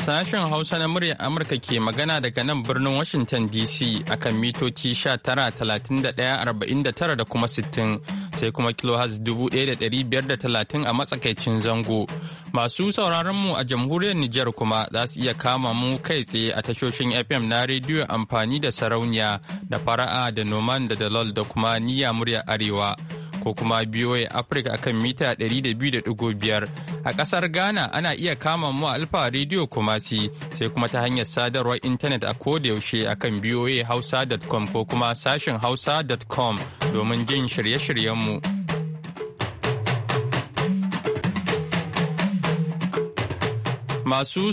Sashen Hausa na muryar Amurka ke magana daga nan birnin Washington DC akan mitoci 19,31,49 da kuma 60 sai kuma kilohaz 1,530 a matsakaicin zango. Masu sauraron mu a jamhuriyar Nijar kuma za su iya kama mu kai tsaye a tashoshin FM na rediyo amfani da sarauniya da fara'a da noman da dalol da kuma niyya muryar Arewa. ko kuma BOA Africa akan mita 200.5 a kasar Ghana ana iya kama mu a Alfa Radio Kumasi sai kuma ta hanyar sadarwar intanet a kodayaushe akan BOA Hausa.com ko kuma sashen Hausa.com domin jin shirye-shiryenmu. mu. Masu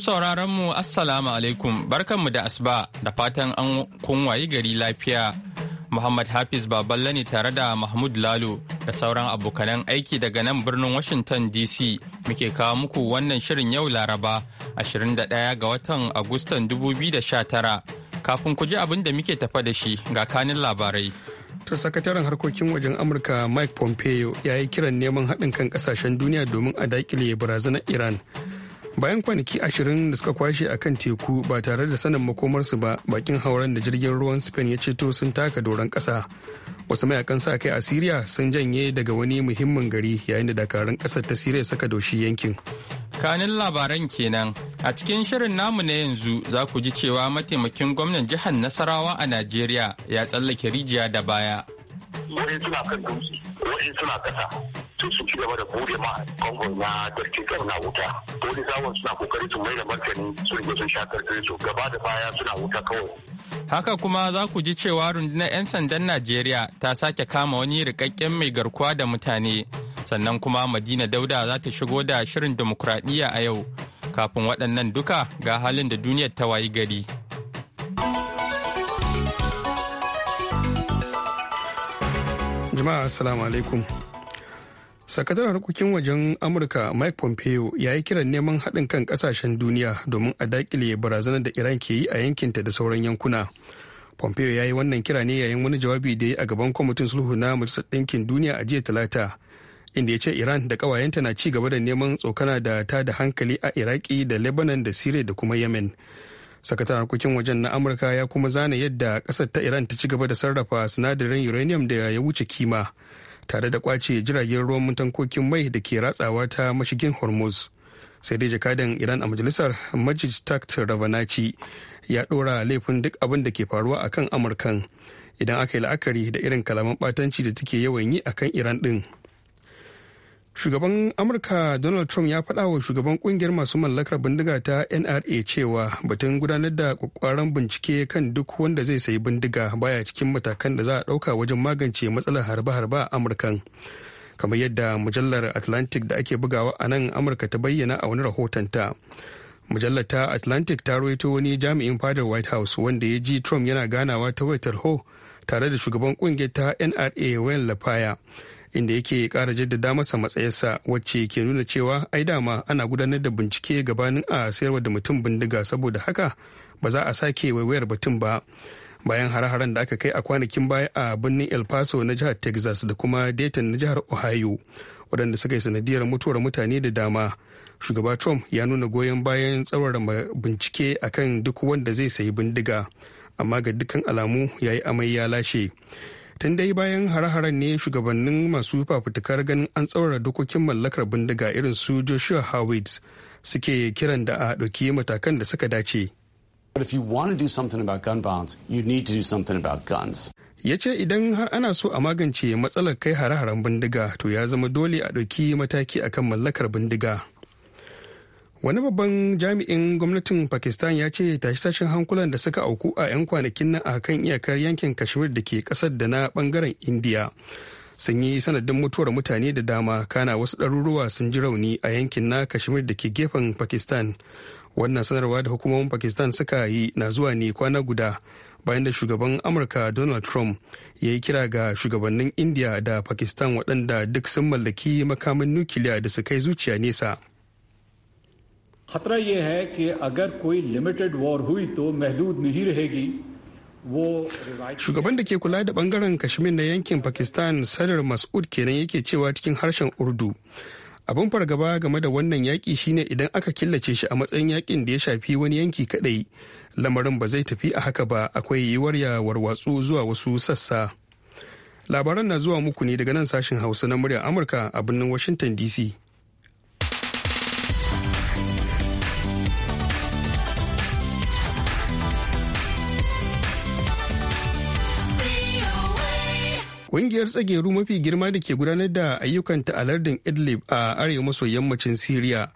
mu Assalamu alaikum barkanmu da asuba da fatan an kun wayi gari lafiya. Muhammad Hafiz Baballe ne tare da Mahmud Lalo da sauran abokanan aiki daga nan birnin Washington DC muke kawo muku wannan shirin yau Laraba 21 ga watan Agustan 2019. Kafin ku ji abin da muke tafa da shi ga kanin labarai. To sakataren harkokin wajen Amurka Mike Pompeo ya yi kiran neman haɗin kan ƙasashen duniya domin a daƙile barazanar Iran. bayan kwanaki ashirin da suka kwashe a kan teku ba tare da sanin makomarsu ba bakin hauren da jirgin ruwan spain ya ceto sun taka doron ƙasa wasu mayakan sa kai a siriya sun janye daga wani muhimmin gari yayin da dakarun ƙasar ta siriya suka doshi yankin kanin labaran kenan a cikin shirin namu na yanzu za ku ji cewa mataimakin gwamnan jihar nasarawa a najeriya ya tsallake rijiya da baya suna suna ƙasa sai su ci gaba da bude ma kongon na dattikan na wuta ko polisawan suna kokari su mai da martani sun yi sun sha karfin su gaba da baya suna wuta kawai haka kuma za ku ji cewa rundunar 'yan sandan najeriya ta sake kama wani rikakken mai garkuwa da mutane sannan kuma madina dauda za ta shigo da shirin demokuraɗiyya a yau kafin waɗannan duka ga halin da duniyar ta wayi gari jama'a assalamu alaikum sakataren harkokin wajen amurka mike pompeo ya yi kiran neman haɗin kan ƙasashen duniya domin a dakile barazanar da iran ke yi a yankinta da sauran yankuna pompeo ya yi wannan kira ne yayin wani jawabi da ya a gaban kwamitin sulhu na majalisar ɗinkin duniya a jiya talata inda ya ce iran da ƙawayenta na ci gaba da neman tsokana da ta da hankali a iraki da lebanon da syria da kuma yemen sakataren harkokin wajen na amurka ya kuma zana yadda ƙasar ta iran ta ci gaba da sarrafa sinadarin uranium da ya wuce kima tare da kwace jiragen ruwan tankokin mai da ke ratsawa ta mashigin hormuz sai dai jakadan iran a majalisar majid takt ravanaci ya dora laifin duk abin da ke faruwa akan amurkan idan aka yi la'akari da irin kalaman batanci da take yawan yi akan iran din shugaban amurka donald trump ya faɗa wa shugaban kungiyar masu mallakar bindiga ta nra cewa batun gudanar da kwakwaran bincike kan duk wanda zai sayi bindiga baya cikin matakan da za a ɗauka wajen magance matsalar harba harba a amurkan kamar yadda mujallar atlantic da ake bugawa a nan amurka ta bayyana a wani rahotonta mujallar ta atlantic ta rawaito wani jami'in fadar white house wanda ya ji trump yana ganawa ta whitehall ho tare da shugaban kungiyar ta nra wayan lafaya inda yake kara jaddada masa matsayarsa wacce ke nuna cewa ai dama ana gudanar da bincike gabanin a sayarwa da mutum bindiga saboda haka ba za a sake waiwayar batun ba bayan hare-haren da aka kai a kwanakin baya a birnin el paso na jihar texas da kuma dayton na jihar ohio waɗanda suka yi sanadiyar mutuwar mutane da dama shugaba trump ya nuna goyon bayan tsawara bincike akan duk wanda zai sayi bindiga amma ga dukkan alamu ya yi amai ya lashe tun dai bayan hare-haren ne shugabannin masu fafutukar ganin an tsaurara dokokin mallakar bindiga irin su joshua howard suke kiran da a ɗauki matakan da suka dace ya ce idan har ana so a magance matsalar kai hare-haren bindiga to ya zama dole a ɗauki mataki akan mallakar bindiga. wani babban jami'in gwamnatin pakistan ya ce tashe-tashen hankulan da suka auku a 'yan kwanakin nan a kan iyakar yankin kashmir da ke kasar da na bangaren indiya sun yi sanadin mutuwar mutane da dama kana wasu ɗaruruwa sun ji rauni a yankin na kashmir da ke gefen pakistan wannan sanarwa da hukumomin pakistan suka yi na zuwa ne kwana guda bayan da shugaban amurka donald trump ya yi kira ga shugabannin indiya da pakistan waɗanda duk sun mallaki makamin nukiliya da su kai zuciya nesa खतरा ये है कि अगर कोई limited war हुई तो महदूद नहीं रहेगी Shugaban da ke kula da bangaren Kashmir na yankin Pakistan Sadar Mas'ud kenan yake cewa cikin harshen Urdu. Abin fargaba game da wannan yaƙi shine idan aka killace shi a matsayin yaƙin da ya shafi wani yanki kadai Lamarin ba zai tafi a haka ba akwai yiwuwar ya warwatsu zuwa wasu sassa. Labaran na zuwa muku ne daga nan sashen Hausa na muryar Amurka a birnin Washington DC. Ƙungiyar tsageru mafi girma da ke gudanar da ayyukanta a lardin Idlib a arewa maso yammacin syria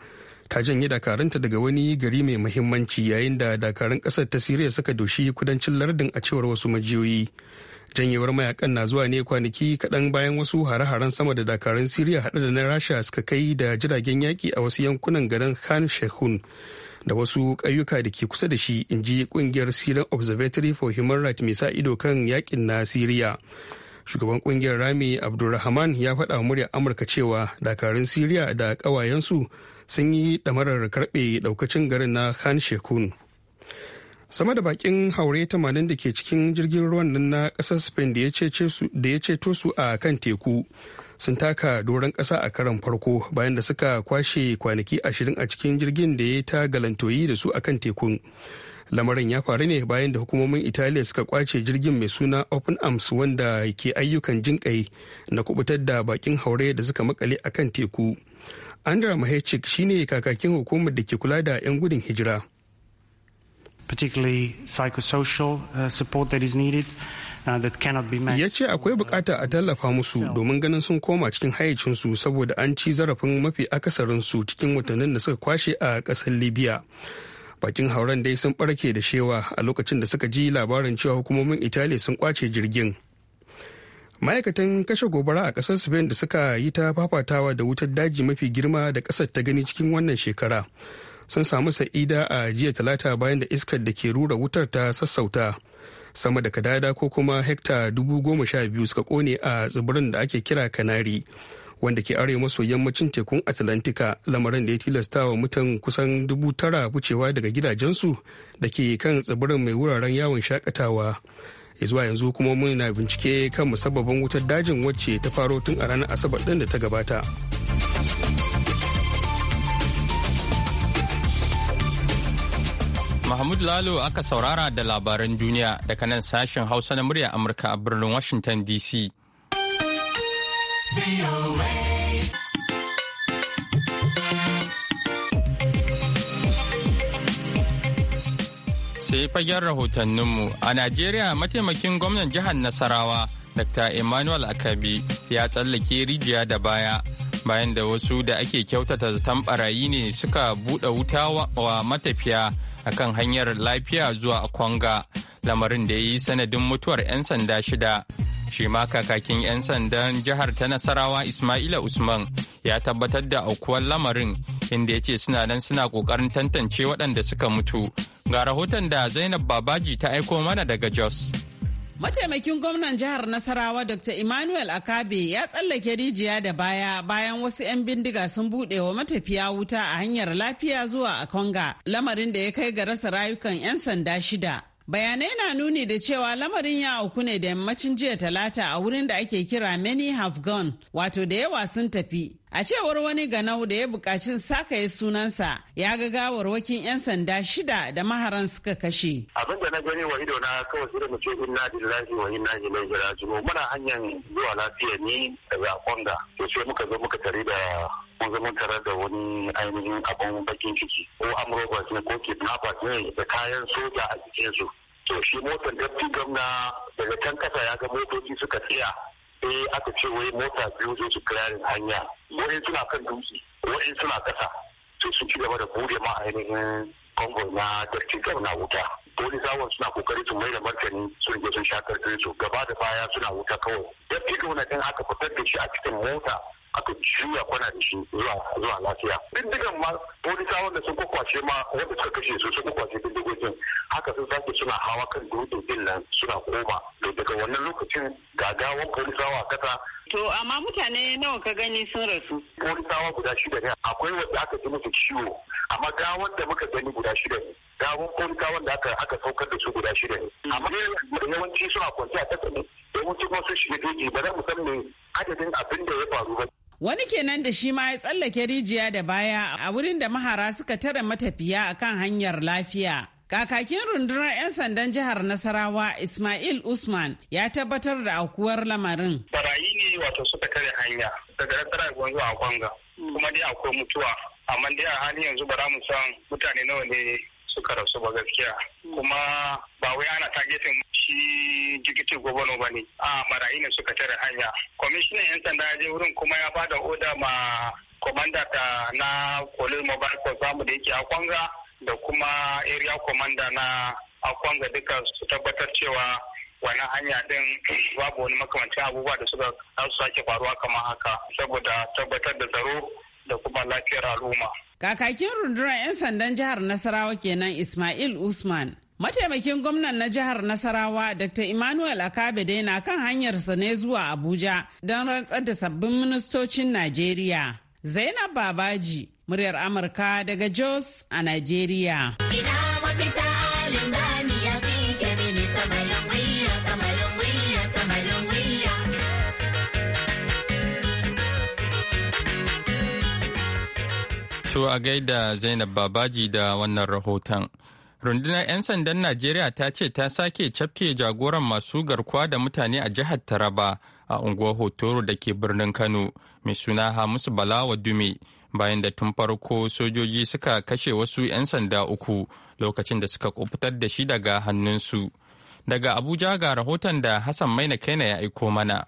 ta janye dakaranta daga wani gari mai muhimmanci yayin da dakarun ƙasar ta syria suka doshi kudancin lardin a cewar wasu majiyoyi. Janyewar mayakan na zuwa ne kwanaki kaɗan bayan wasu hare-haren sama da dakarun syria haɗa da na Rasha suka kai da jiragen yaƙi a wasu yankunan garin Khan Sheikhun. da wasu ƙauyuka da ke kusa da shi in ji ƙungiyar syrian observatory for human rights mai sa ido kan yakin na syria. shugaban kungiyar rami abdulrahman ya faɗa wa muryar amurka cewa dakarun siriya da ƙawayensu sun yi ɗamarar karɓe ɗaukacin garin na khan shekun sama da bakin haure 80 da ke cikin jirgin ruwan nan na ƙasar spain da ya ceto su a kan teku sun taka doron ƙasa a karan farko bayan da suka kwashe kwanaki ashirin a cikin jirgin da ya ta galantoyi da su a kan tekun lamarin ya faru ne bayan da hukumomin italiya suka kwace jirgin mai suna open arms wanda ke ayyukan jinƙai na kubutar da bakin haure da suka makale a kan teku andra mahechik shine kakakin hukumar da ke kula da 'yan gudun hijira uh, uh, Ya ce akwai bukata a tallafa musu domin ganin sun koma cikin hayyacinsu saboda an ci zarafin mafi akasarinsu cikin watannin da suka kwashe a ƙasar Libya. bakin hauren dai sun barke da shewa a lokacin da suka ji labarin cewa hukumomin italiya sun kwace jirgin ma'aikatan kashe gobara a kasar spain da suka yi ta fafatawa da wutar daji mafi girma da kasar ta gani cikin wannan shekara sun samu sa'ida a jiya talata bayan da iskar da ke rura wutar ta sassauta sama da kadada ko kuma hekta dubu goma sha biyu suka kone a tsibirin da ake kira kanari wanda ke arewa maso yammacin tekun atlantika lamarin da ya tilasta wa mutan kusan dubu tara wucewa daga gidajensu da ke kan tsibirin mai wuraren yawon shakatawa zuwa yanzu hukumomin na bincike kan musabbabin wutar dajin wacce ta faro tun a ranar asabar din da ta gabata Mahmud Lalo aka saurara da labaran duniya daga nan sashen Hausa na murya Amurka a birnin Washington DC. Sai fagen rahotanninmu a Najeriya mataimakin gwamnan jihar Nasarawa Dr. Emmanuel Akabi ya tsallake rijiya da baya bayan da wasu da ake kyautata zaton barayi ne suka buɗe wuta wa matafiya akan hanyar lafiya zuwa Akwanga lamarin da ya yi sanadin mutuwar 'yan sanda shida shi ma kakakin 'yan sandan jihar ta nasarawa ismaila usman ya tabbatar da aukuwar lamarin inda ya ce suna nan suna kokarin tantance waɗanda suka mutu ga rahoton da zainab babaji ta aiko mana daga jos Mataimakin gwamnan jihar Nasarawa Dr. Emmanuel Akabe ya tsallake rijiya da baya bayan wasu 'yan bindiga sun buɗe wa matafiya wuta a hanyar lafiya zuwa a Konga, lamarin da ya kai ga rasa rayukan 'yan sanda shida. Bayanai na nuni da cewa lamarin ya auku ne da yammacin jiya talata a wurin da ake kira Many Have Gone, wato da yawa sun tafi. A cewar wani ganau da ya bukacin sakaye sunansa ya ga gawarwakin 'yan sanda shida da maharan suka kashe. Abin da na gani wa ido na kawai sai mu ce inna lillahi wa inna ilaihi raji'un. Muna hanyar zuwa lafiya ni daga Konga. To sai muka zo muka tare da mun zama tare da wani ainihin abin bakin ciki ko amurka ne ko kidnappers ne da kayan soja a cikin su. to shi motar dafti gwamna daga can kasa ya ga motoci suka tsaya sai aka ce wai mota biyu zai su kirarin hanya wani suna kan dutse wani suna kasa sai su ci gaba da bude ma ainihin kongo na dafti gwamna wuta wani zawon suna kokari su mai da martani sun je sun sha su gaba da baya suna wuta kawai dafti gwamna din aka fitar da shi a cikin mota aka juya kwana da shi zuwa lafiya bindigan ma polisa wanda sun kwakwace ma wanda suka kashe su sun kwakwace diddigogin haka sun sake suna hawa kan dutsen din nan suna koma daga wannan lokacin gagawan polisawa a kasa To amma mutane nawa ka gani sun rasu? Kurtawa guda shida ne akwai wanda aka ji musu ciwo amma gawar da muka gani guda shida ne. Gawar kurtawan da aka saukar da su guda shida ne. Mm. Amma yawanci suna kwanci a ƙasa ne yawanci kuma sun shiga jeji ba za mu san me adadin abin da ya faru ba. Wani kenan da shi ma ya tsallake rijiya da baya a wurin da mahara suka tare matafiya akan hanyar lafiya. Kakakin rundunar 'yan sandan jihar Nasarawa Ismail Usman ya tabbatar da aukuwar lamarin. Barayi ne wato suka kare hanya daga Nasarawa zuwa kwanga kuma dai akwai mutuwa amma dai a halin yanzu bara mu san mutane nawa ne suka rasu ba gaskiya kuma ba wai ana targetin shi jikiti gobano ba ne a barayi ne suka tare hanya kwamishinan 'yan sanda ya je wurin kuma ya bada oda ma komanda ta na kolin mobile force zamu da yake a kwanga da kuma area commander na akwanga duka su tabbatar cewa wannan hanya din babu wani makamancin abubuwa da suka su sake faruwa kamar haka saboda tabbatar da tsaro da kuma lafiyar al'umma. Kakakin rundunar 'yan sandan jihar Nasarawa kenan Ismail Usman. Mataimakin gwamnan na jihar Nasarawa Dr. Emmanuel Akabede na kan hanyarsa ne zuwa Abuja don rantsar da sabbin ministocin Najeriya. Zainab Babaji, muryar Amurka daga Jos a Najeriya. To a gaida Zainab Babaji da wannan rahoton. Rundunar 'yan sandan Najeriya ta ce ta sake cafke jagoran masu garkuwa da mutane a jihar Taraba a unguwar Hotoro da ke birnin Kano mai suna Hamisu Balawa Dume. bayan da tun farko sojoji suka kashe wasu 'yan sanda uku lokacin da suka kubutar da shi daga hannunsu. Daga Abuja ga rahoton da Hassan Maina Kaina ya aiko mana.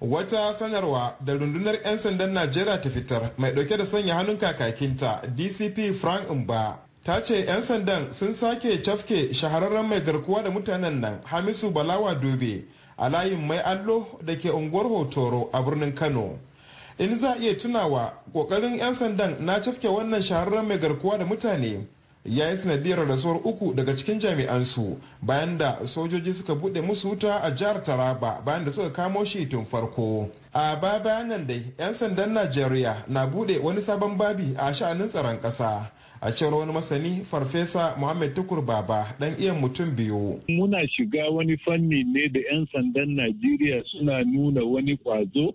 Wata sanarwa da rundunar 'yan sandan Najeriya ta fitar mai ɗauke da sanya hannun kakakinta DCP Frank Mba ta ce 'yan sandan sun sake cafke shahararren mai garkuwa da mutanen nan Hamisu Balawa Dube a layin mai allo da ke unguwar Hotoro a birnin Kano. in za a iya tunawa kokarin 'yan sandan na cafke wannan shahararren mai garkuwa da mutane ya yi sanadiyar rasuwar uku daga cikin jami'ansu bayan da sojoji suka bude musu wuta a jihar taraba bayan da suka kamo shi tun farko a baya bayan nan dai 'yan sandan najeriya na bude wani sabon babi a sha'anin tsaron kasa a cewar wani masani farfesa muhammed tukur baba dan iya mutum biyu muna shiga wani fanni ne da 'yan sandan najeriya suna nuna wani kwazo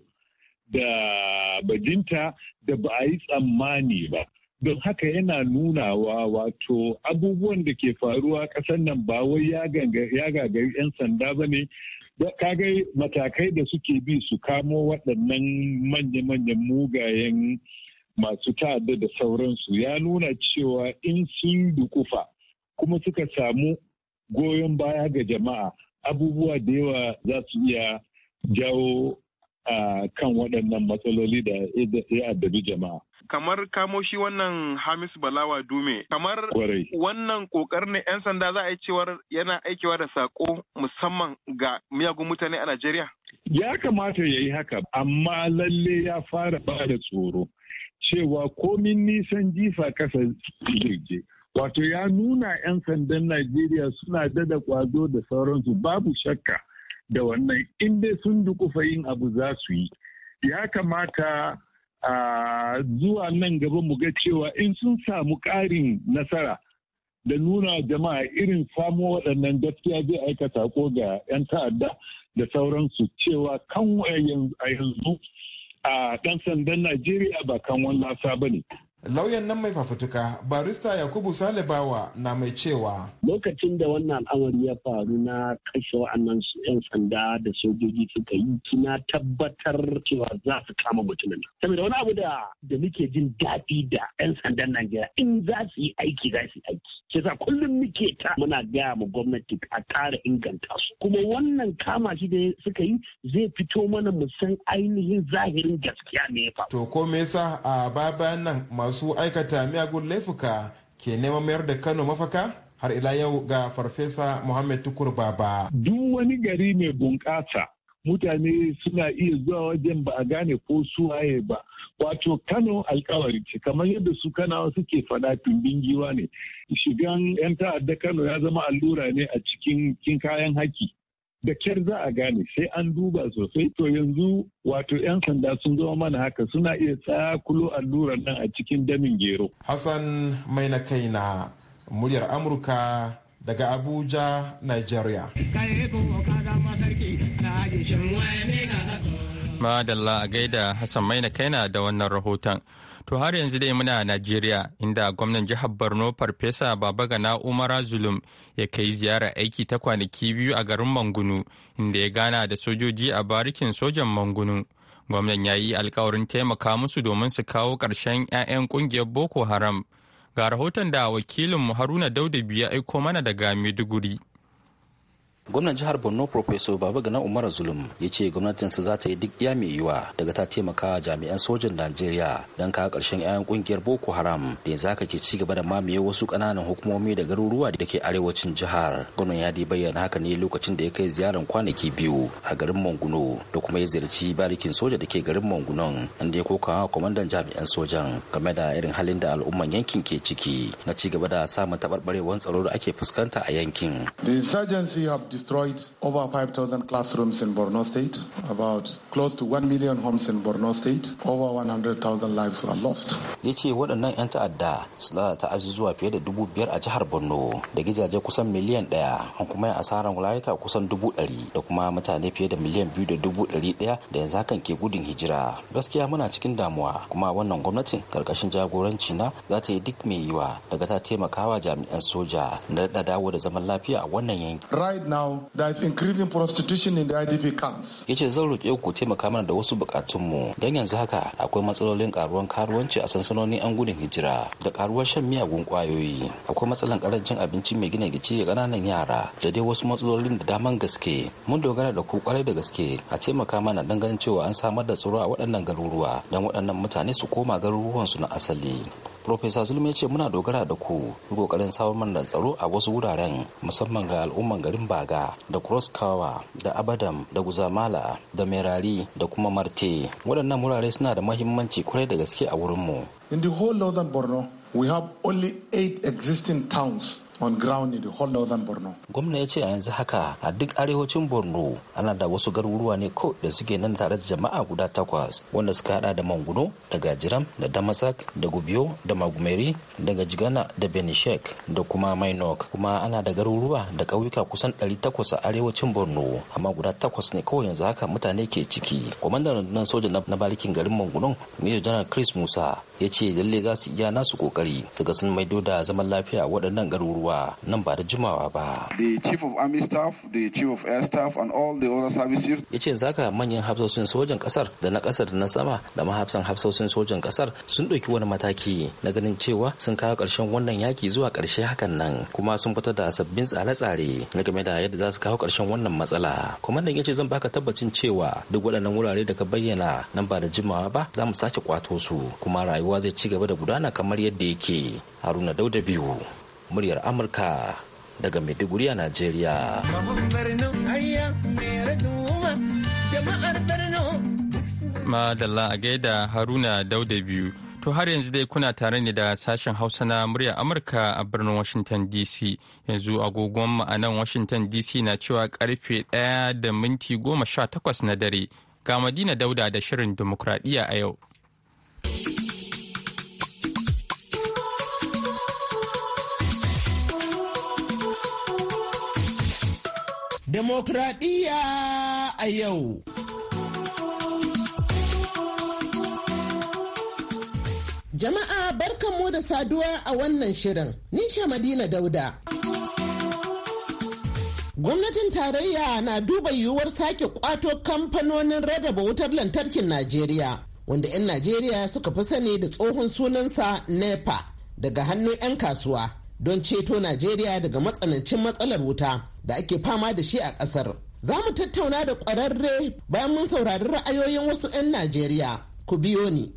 da bajinta da ba a yi tsammani ba. Don haka yana nunawa wato abubuwan da ke faruwa ƙasar nan ba wai ya gagari 'yan sanda ba ne, kagai matakai da suke bi su kamo waɗannan manya-manyan mugayen masu ta'adda da sauransu ya nuna cewa in sun dukufa kuma suka samu goyon baya ga jama'a abubuwa da yawa za su iya jawo a kan waɗannan matsaloli da ya addabi jama'a. Kamar kamo shi wannan Hamis Balawa Dume, kamar wannan ƙoƙarin ne 'yan sanda za a yi cewar yana aikewa da sako musamman ga miyagun mutane a Najeriya? Ya kamata ya yi haka, amma lalle ya fara ba da tsoro cewa komin nisan jifa kasa zirge. Wato ya nuna 'yan sandan Najeriya suna dada kwazo da sauransu babu shakka. da wannan in dai sun dukufa yin abu za su yi ya kamata a zuwa nan gaba mu ga cewa in sun samu ƙarin nasara da nuna jama'a irin samu waɗannan gaskiya zai aika sako ga 'yan ta'adda da sauransu cewa kan a yanzu a ɗan sandan najeriya ba kan wani lasa ba ne lauyan nan mai fafutuka barista yakubu salibawa na mai cewa lokacin da wannan al'amari ya faru na kashe wa'annan yan sanda da sojoji suka yi kina tabbatar cewa za su kama mutumin saboda wani abu da da muke jin daɗi da yan sandan najeriya in za su yi aiki za su yi aiki Ke sa kullum muke ta muna gaya ma gwamnati a ƙara inganta su kuma wannan kama shi da suka yi zai fito mana mu san ainihin zahirin gaskiya ne ya faru to ko me yasa a baya bayan nan masu aikata miyagun laifuka ke neman mayar da kano mafaka har ila yau ga farfesa Muhammad Tukur Baba. Duk wani gari mai bunƙasa mutane suna iya zuwa wajen ba a gane ko suwaye ba. Wato Kano alkawari ce kamar yadda su Kanawa suke faɗa tumbin giwa ne. Shigan 'yan ta'adda Kano ya zama allura ne a cikin kayan haki. da kyar za a gane sai an duba sosai to yanzu wato 'yan sanda sun zama mana haka suna iya tsakulo allurar nan a cikin damin gero. Hassan mai na kai na muryar Amurka daga Abuja, Nigeria. Kai Madalla a gaida Hassan Maina kaina da wannan rahoton. To har yanzu dai muna Najeriya inda gwamnan jihar Borno Farfesa Babagana Umara Zulum ya kai ziyara aiki ta kwanaki biyu a garin Mangunu inda ya gana da sojoji a barikin sojan Mangunu. Gwamnan ya yi alkawarin taimaka musu domin su kawo ƙarshen 'ya'yan ƙungiyar Boko Haram. Ga rahoton da wakilinmu Haruna biyu ya aiko mana daga Maiduguri. gwamnan jihar borno professor babagana umar zulum ya ce gwamnatinsa za ta yi duk iya mai yiwa daga ta taimaka jami'an sojan najeriya don kawo karshen 'ya'yan ƙungiyar boko haram da yanzu haka ke ci gaba da mamaye wasu kananan hukumomi da garuruwa da ke arewacin jihar gwamnan ya bayyana haka ne lokacin da ya kai ziyarar kwanaki biyu a garin manguno da kuma ya ziyarci barikin soja da ke garin mangunon inda ya koka wa kwamandan jami'an sojan game da irin halin da al'umman yankin ke ciki na ci gaba da samun taɓarɓarewar tsaro da ake fuskanta a yankin. The destroyed over 5,000 classrooms in Borno State. About close to 1 million homes in Borno State. Over 100,000 lives were lost. Ya ce waɗannan 'yan ta'adda su lalata azuzuwa fiye da dubu biyar a jihar Borno da gidaje kusan miliyan ɗaya an kuma yi asarar layuka kusan dubu ɗari da kuma mutane fiye da miliyan biyu da dubu ɗari ɗaya da yanzu hakan ke gudun hijira. Gaskiya muna cikin damuwa kuma wannan gwamnatin karkashin jagoranci na za ta yi duk mai yiwa daga ta taimakawa jami'an soja na da dawo da zaman lafiya a wannan yanki. Right now now there is increasing prostitution in the IDP camps. Ya zan roƙe ku taimaka mana da wasu bukatunmu don yanzu haka akwai matsalolin karuwan karuwanci a sansanonin an gudun hijira da karuwar shan miyagun kwayoyi akwai matsalan karancin abinci mai gina gici ga ƙananan yara da dai wasu matsalolin da daman gaske mun dogara da ku kwarai da gaske a taimaka mana don ganin cewa an samar da tsaro a waɗannan garuruwa don waɗannan mutane su koma garuruwansu na asali. Profesa Zulme ce muna dogara da ku kokarin samun mana tsaro a wasu wuraren musamman ga al'umman garin Baga da Cross da Abadam da Guzamala da Merari da kuma Marte. Waɗannan wurare suna da mahimmanci kwarai da gaske a wurinmu. In the whole northern Borno, we have only eight existing towns on ground whole northern Borno. Gwamna ya ce a yanzu haka a duk arewacin Borno ana da wasu garuruwa ne ko da suke nan tare da jama'a guda takwas wanda suka hada da Manguno da Gajiram da Damasak da Gubiyo da Magumeri da Gajigana da Benishek da kuma Mainok kuma ana da garuruwa da ƙauyuka kusan 800 a arewacin Borno amma guda takwas ne kawai yanzu haka mutane ke ciki. Kwamandan rundunar soja na balikin garin mangunon Major General Chris Musa ya ce lalle za su iya nasu kokari su ga sun maido da zaman lafiya waɗannan garuruwa nan ba da jimawa ba. The chief of army staff, the chief of air staff and all the other services. Ya ce zaka manyan hafsoshin sojan ƙasar da na kasar da na sama da mahafsan hafsoshin sojan ƙasar sun ɗauki wani mataki na ganin cewa sun kawo ƙarshen wannan yaki zuwa ƙarshe hakan nan kuma sun fitar da sabbin tsare-tsare na game da yadda za su kawo ƙarshen wannan matsala. Kwamandan ya ce zan baka tabbacin cewa duk waɗannan wurare da ka bayyana nan ba da jimawa ba za mu sake kwato su kuma rayuwa rayuwa zai ci gaba da gudana kamar yadda yake haruna dauda biyu muryar amurka daga maiduguri a najeriya madalla a gaida haruna dauda biyu to har yanzu dai kuna tare ne da sashen hausa na murya amurka a birnin washington dc yanzu agogon ma'anan washington dc na cewa karfe 1 da minti goma sha takwas na dare ga madina dauda da shirin demokradiyya a yau Demokradiyya a yau. Jama'a barkanmu da saduwa a wannan shirin. Nisha Madina Dauda. Gwamnatin tarayya na duba yiwuwar sake kwato kamfanonin rarraba wutar lantarkin Najeriya, wanda 'yan Najeriya suka fi sani da tsohon sunansa NEPA daga hannun 'yan kasuwa. don ceto Najeriya daga matsanancin matsalar wuta da ake fama da shi a ƙasar. Za mu tattauna da ƙwararre bayan mun saurari ra'ayoyin wasu 'yan Najeriya. Ku biyo ni.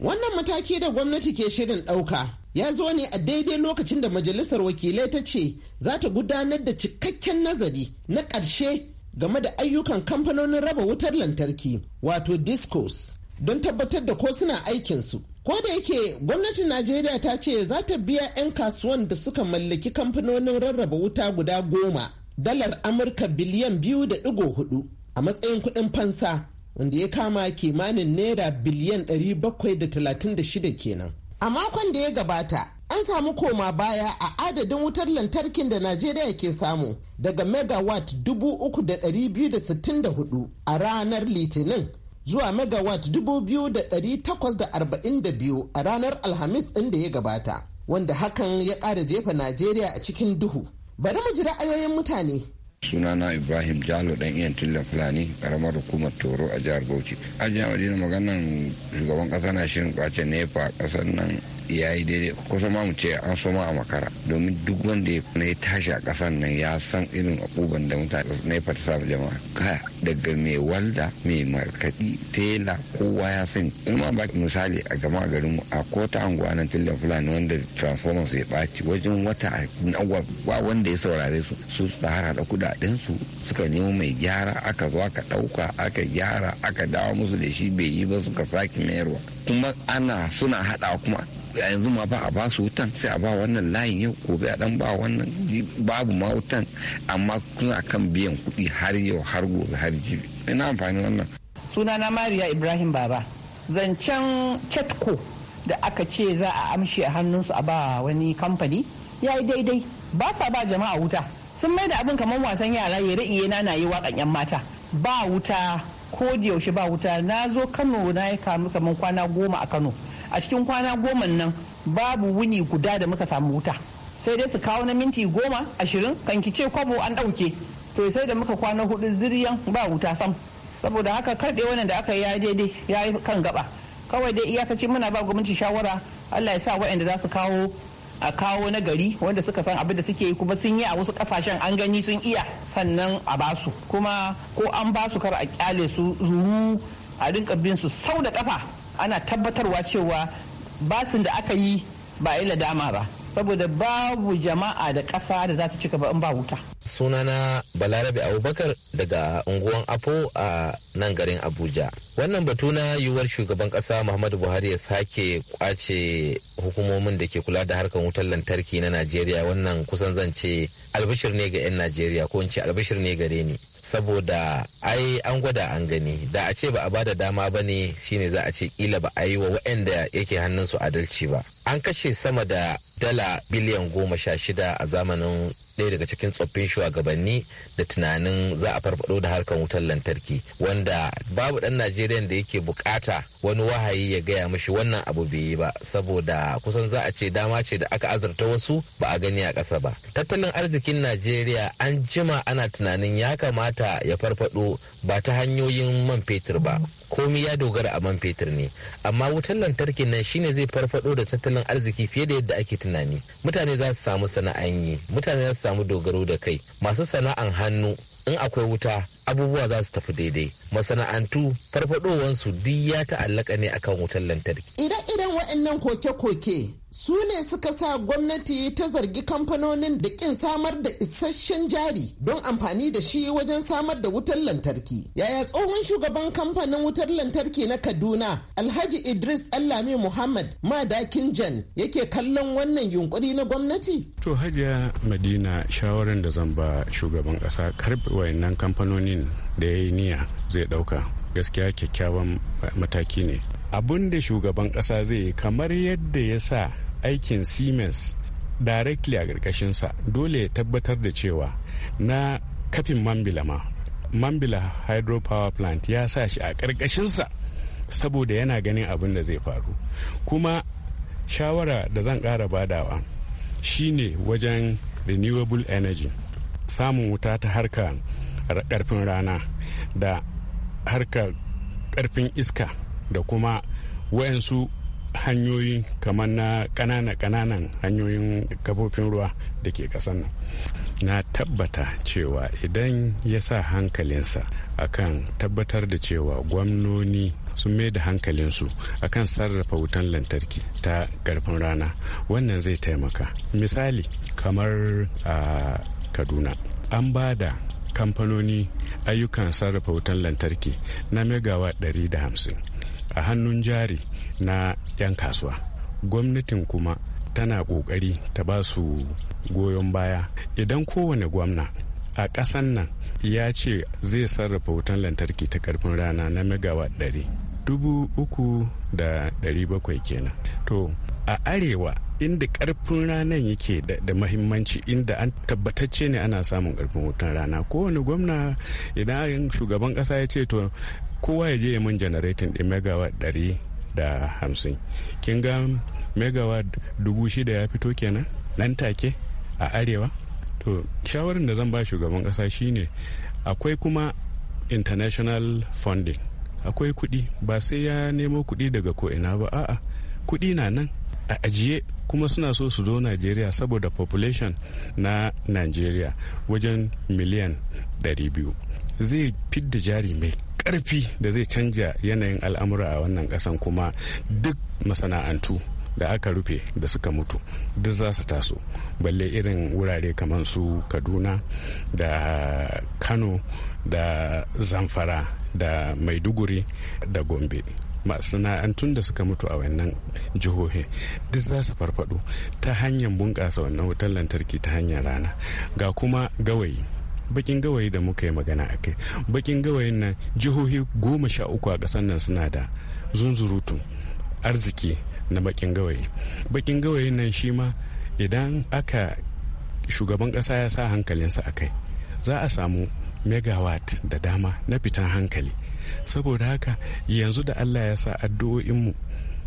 Wannan mataki da gwamnati ke shirin ɗauka ya zo ne a daidai lokacin da Majalisar Wakilai ta ce za ta gudanar da cikakken nazari na ƙarshe game da ayyukan kamfanonin raba wutar lantarki wato discos don tabbatar da ko suna aikinsu Ko da yake gwamnatin Najeriya ta ce za ta biya 'yan kasuwan da suka mallaki kamfanonin rarraba wuta guda goma dalar Amurka biliyan biyu da digo hudu a matsayin kuɗin fansa wanda ya kama kimanin naira biliyan 736 kenan. A makon da ya gabata an samu koma baya a adadin wutar lantarkin da Najeriya ke samu daga megawatt 3,264 a ranar Litinin zuwa megawatt 2,842 a ranar Alhamis ɗin da ya gabata, wanda hakan ya ƙara jefa Najeriya a cikin duhu. Bari mu ji ra'ayoyin mutane. sunana ibrahim jalo dan iya tilla fulani karamar hukumar toro a jihar bauchi a jihar madina maganan shugaban kasa na shirin kwace nepa kasar nan ya yi daidai kusa ma mu ce an so ma a makara domin duk wanda ya tashi a kasan nan ya san irin abubuwan da mutane na ya samu jama'a kaya daga mai walda mai markaɗi tela kowa ya sani in ma ba misali a gama garin a kota anguwa nan tilda fulani wanda transformers ya ɓaci wajen wata ba wanda ya saurare su su su tsara da kuɗaɗen su suka nemo mai gyara aka zo aka ɗauka aka gyara aka dawo musu da shi bai yi ba suka sake mayarwa kuma ana suna haɗa kuma a yanzu ma ba a ba su wutan sai a ba wannan layin yau gobe a dan ba wannan babu ma wutan amma kuna kan biyan kuɗi har yau har gobe har jibi ina amfani wannan sunana mariya ibrahim baba zancen ketco da aka ce za a amshi a hannunsu a ba wani kamfani ya yi daidai ba sa ba jama'a wuta sun mai da abin kamar wasan yara ya yana na yi waƙan 'yan mata ba wuta ko da yaushe ba wuta na zo kano na yi kamu kamar kwana goma a kano a cikin kwana goma nan babu wuni guda da muka samu wuta sai dai su kawo na minti goma ashirin kan ki ce kwabo an ɗauke to sai da muka kwana hudu ziriyan ba wuta sam saboda haka karɓe wannan da aka yi ya daidai ya yi kan gaba kawai dai iyakaci muna ba gwamnati shawara allah ya sa waɗanda za su kawo a kawo na gari wanda suka san abin da suke yi kuma sun yi a wasu kasashen an gani sun iya sannan a basu kuma ko an basu kar a kyale su zuru a rinka bin su sau da kafa ana tabbatarwa cewa basin da aka yi ba ila dama ba saboda babu jama'a da ƙasa da za ta ci gaba in ba wuta. Sunana Balarabe Abubakar daga unguwan Apo a nan garin Abuja. Wannan batu na yiwuwar shugaban ƙasa Muhammadu Buhari ya sake kwace hukumomin da ke kula da harkar wutar lantarki na Najeriya wannan kusan zance ce albishir ne ga 'yan Najeriya ko in ce albishir ne gare ni. saboda ai an gwada an gani da a ce ba a bada dama ba ne shine za a ce kila ba a yi wa waɗanda yake hannunsu adalci ba an kashe sama da dala biliyan goma sha shida a zamanin ɗaya daga cikin tsoffin shugabanni da tunanin za a farfado da harkar wutar lantarki wanda babu ɗan najeriya da yake bukata wani wahayi ya gaya mishi wannan abu bai yi ba saboda kusan za a ce dama ce da aka azurta wasu ba a gani a ƙasa ba tattalin arzikin najeriya an jima ana tunanin ya kamata ya farfado ba ta hanyoyin man fetur ba komi ya dogara a man fetur ne amma wutar lantarki nan shine zai farfado da tattalin arziki fiye da yadda ake tunani mutane za su samu sana'an yi mutane za su samu dogaro da kai masu sana'an hannu in akwai wuta abubuwa za su tafi daidai masana'antu farfadowansu duk ya ta'allaka ne akan wutar lantarki ire-iren waɗannan koke-koke su ne suka sa gwamnati ta zargi kamfanonin da kin samar da isasshen jari don amfani da shi wajen samar da wutar lantarki yaya tsohon shugaban kamfanin wutar lantarki na kaduna alhaji idris allami muhammad madakin jan yake kallon wannan yunkuri na gwamnati to hajiya madina shawaran da zan ba shugaban kasa karbe wayannan kamfanonin da ya yi niyya zai dauka gaskiya kyakkyawan mataki ne Abun da shugaban kasa zai yi kamar yadda ya sa aikin siemens directly a ƙarƙashinsa dole ya tabbatar da cewa na kafin mambila ma mambila hydropower plant ya sa shi a ƙarƙashinsa saboda yana ganin abin da zai faru kuma shawara da zan ƙara badawa shine wajen renewable energy samun wuta ta harka karfin rana da harka ƙarfin iska da kuma wayansu hanyoyi kamar na kanana ƙananan hanyoyin kafofin ruwa da ke kasan nan na tabbata cewa idan ya sa hankalinsa akan tabbatar da cewa gwamnoni sun mai da hankalinsu akan sarrafa wutan lantarki ta karfin rana wannan zai taimaka misali kamar a kaduna an ba da kamfanoni ayyukan sarrafa wutan lantarki na megawa 150 a hannun jari na 'yan kasuwa gwamnatin kuma tana kokari ta ba su goyon baya idan kowane gwamna a ƙasan nan ya ce zai sarrafa wutan lantarki ta karfin rana na megawatt ɗari dubu uku da ɗari bakwai kenan to a arewa inda karfin ranar yake da mahimmanci inda an tabbatacce ne ana samun karfin wutan rana kowane gwamna idan shugaban ƙasa ya ce to kowa ya je ya mun janaretin ɗin megawatt da hamsin kin ga megawatt dubu shida ya fito kenan nan take a arewa to shawarar da zan ba shugaban kasa shine akwai kuma international funding akwai kuɗi ba sai ya nemo kuɗi daga ko'ina ba a'a kuɗi na nan a ajiye kuma suna so su zo najeriya saboda population na najeriya wajen miliyan 200 zai fidda jari mai karfi da zai canja yanayin al'amura a wannan kasan kuma duk masana'antu da aka rufe da suka mutu duk za su taso balle irin wurare kamar su kaduna da kano da zamfara da maiduguri da gombe masana'antun da suka mutu a wannan jihohi duk za su farfado ta hanyar bunƙasa wannan wutar lantarki ta hanyar rana ga kuma gawayi bakin gawayi da muka yi magana a kai bakin gawayin nan jihohi goma sha uku a ƙasar nan suna da zunzurutu arziki na bakin gawayi bakin gawayi nan shi ma idan aka shugaban ƙasa ya sa hankalinsa a kai za a samu megawatt da dama na fitan hankali saboda haka yanzu da allah ya sa addu'o'inmu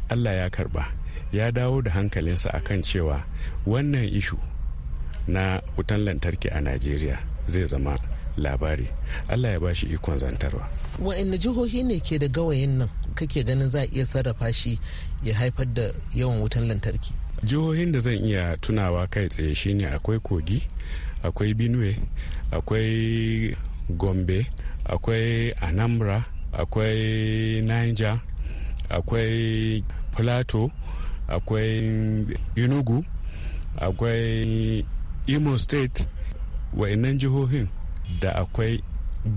allah ya karba ya dawo da hankalinsa akan cewa wannan ishu na wutan lantarki a najeriya zai zama labari allah ya bashi ikon zantarwa wa'anne jihohi ne ke da gawayin nan kake ganin za a iya sarrafa shi ya haifar da yawan wutan lantarki jihohin da zan iya tunawa kai tsaye shine akwai kogi akwai binue akwai gombe akwai anambra akwai niger akwai plateau akwai enugu akwai imo state wa'annan jihohin da akwai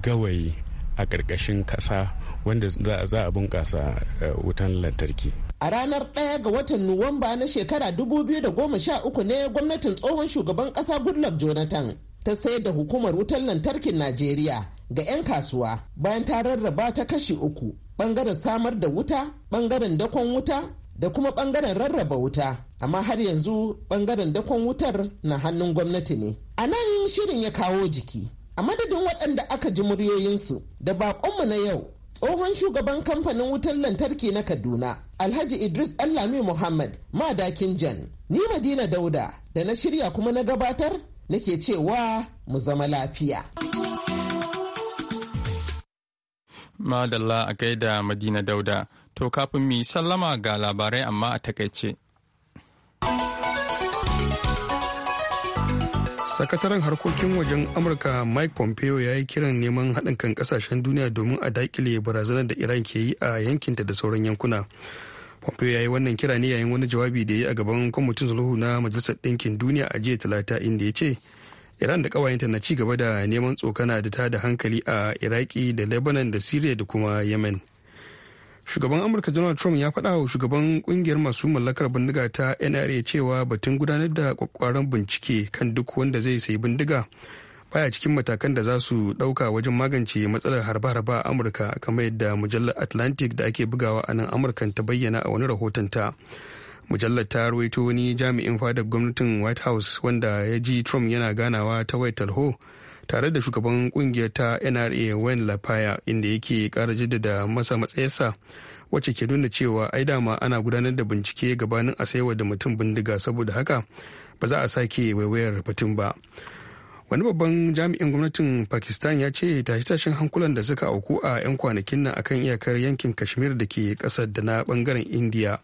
gawayi a ƙarƙashin ƙasa wanda za a bunƙasa eh, wutan lantarki a ranar ɗaya ga watan nuwamba na shekara 2013 ne gwamnatin tsohon shugaban ƙasa goodluck jonathan ta sayar da hukumar wutan lantarkin najeriya ga 'yan kasuwa bayan ta rarraba ta kashi uku ɓangaren samar da wuta bangaren dakon wuta da kuma ɓangaren rarraba wuta amma har yanzu ɓangaren dakon wutar na hannun gwamnati ne A nan shirin ya kawo jiki. A madadin waɗanda aka ji muryoyinsu da baƙonmu na yau tsohon shugaban kamfanin wutar lantarki na kaduna alhaji idris allami muhammad madakin jan ni madina dauda da na shirya kuma na gabatar nake cewa mu zama lafiya madalla a gaida madina dauda to kafin mu yi sallama ga labarai amma a takaice. sakataren harkokin wajen amurka mike pompeo ya yi kiran neman haɗin kan ƙasashen duniya domin a daƙile barazanar da iran ke yi a yankinta da sauran yankuna pompeo ya yi wannan kira ne yayin wani jawabi da ya yi a gaban kwamitin sulhu na majalisar ɗinkin duniya a jiya talata inda ya ce iran da ƙawayenta na ci gaba da neman tsokana da ta da hankali a iraki da lebanon da syria da kuma yemen shugaban amurka donald trump ya faɗa wa shugaban kungiyar masu mallakar bindiga ta nra cewa batun gudanar da kwakwaran bincike kan duk wanda zai sayi bindiga baya cikin matakan da za su ɗauka wajen magance matsalar harba-harba a amurka kamar yadda mujallar atlantic da ake bugawa a nan amurka ta bayyana a wani rahotonta mujallar ta ruwaito wani jami'in fadar gwamnatin white house wanda ya ji trump yana ganawa ta white tare da shugaban kungiyar ta nra wayne lafaya inda yake kara jaddada masa matsayarsa wacce ke nuna cewa ai dama ana gudanar da bincike gabanin a saiwa da mutum bindiga saboda haka ba za a sake waiwayar batun ba wani babban jami'in gwamnatin pakistan ya ce tashe-tashen hankulan da suka auku a 'yan kwanakin nan akan iyakar yankin kashmir da ke kasar da na bangaren indiya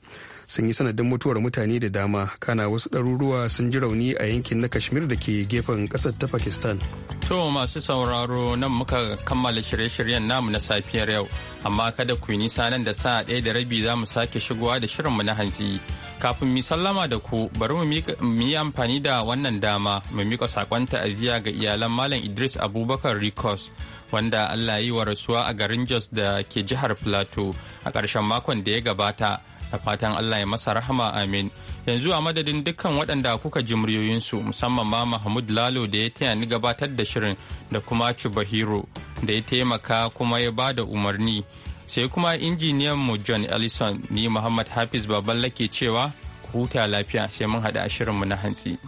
sun yi sanadin mutuwar mutane da dama kana wasu ɗaruruwa sun ji rauni a yankin na kashmir da ke gefen ƙasar ta pakistan to masu sauraro nan muka kammala shirye-shiryen namu na safiyar yau amma kada ku yi nisa nan da sa ɗaya da rabi za mu sake shigowa da shirinmu na hanzi kafin mu sallama da ku bari mu yi amfani da wannan dama mu mika sakon ta'aziyya ga iyalan malam idris abubakar rikos wanda allah yi wa rasuwa a garin jos da ke jihar plateau a ƙarshen makon da ya gabata da fatan Allah ya masa rahama amin yanzu a madadin dukkan waɗanda kuka ji muryoyinsu musamman ma Mahmud Lalo da ya taya ni gabatar da shirin da kuma Chubahiro da ya taimaka kuma ya ba da umarni sai kuma injiniyan mu John Ellison ni Muhammad Hafiz Baballa ke cewa ku huta lafiya sai mun haɗu a mu na hantsi.